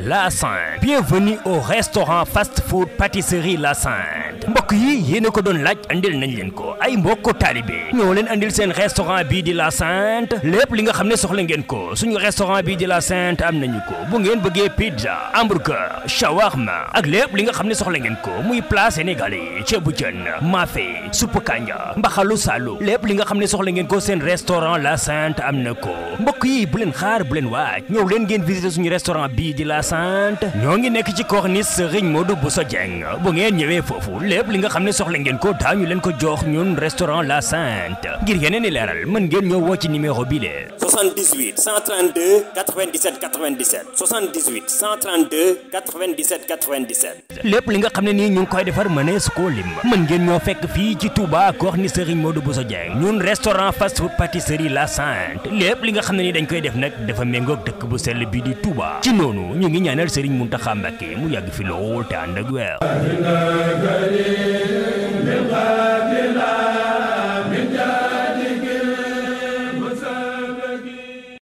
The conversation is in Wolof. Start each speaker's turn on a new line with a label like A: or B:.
A: Lassin, bienvenue au restaurant fast-food pâtisserie Lassin. mbokk yi yéena ko doon laaj andil nañ leen ko ay mbokko taalibe ñoo leen andil seen restaurant bii di la Sainte lépp li nga xam ne soxla ngeen ko suñu restaurant bii di la Sainte am nañu ko bu ngeen bëggee pizza hamburger shawarma ak lépp li nga xam ne soxla ngeen ko muy plat sénégalais ceebu jën mafé supp kanja mbaxalu salu lépp li nga xam ne soxla ngeen ko seen restaurant la Sainte am na ko mbokk yi bu leen xaar bu leen waaj ñëw leen ngeen visiter suñu restaurant bii di la Sainte nekk ci corniche Serigne Modou Bousso lépp li nga xam ne soxla ngeen ko daañu leen ko joox ñun restaurant La Sainte ngir yeneen i leeral mën ngeen ñoo woo ci numéro bi
B: 78 132 97 97 78 132 97 97.
A: lépp li nga xam ne nii ñu ngi koy defar mënees koo lim mën ngeen ñoo fekk fii ci Touba ko wax ni Serigne Modou Bousso Dieng ñun restaurant fast food pâtisserie La Sainte lépp li nga xam ne nii dañ koy def nag dafa méngoog dëkk bu sell bi di Touba ci noonu ñu ngi ñaanal Serigne Mountakha Mbacké mu yàgg fi lool te ànd ak weer.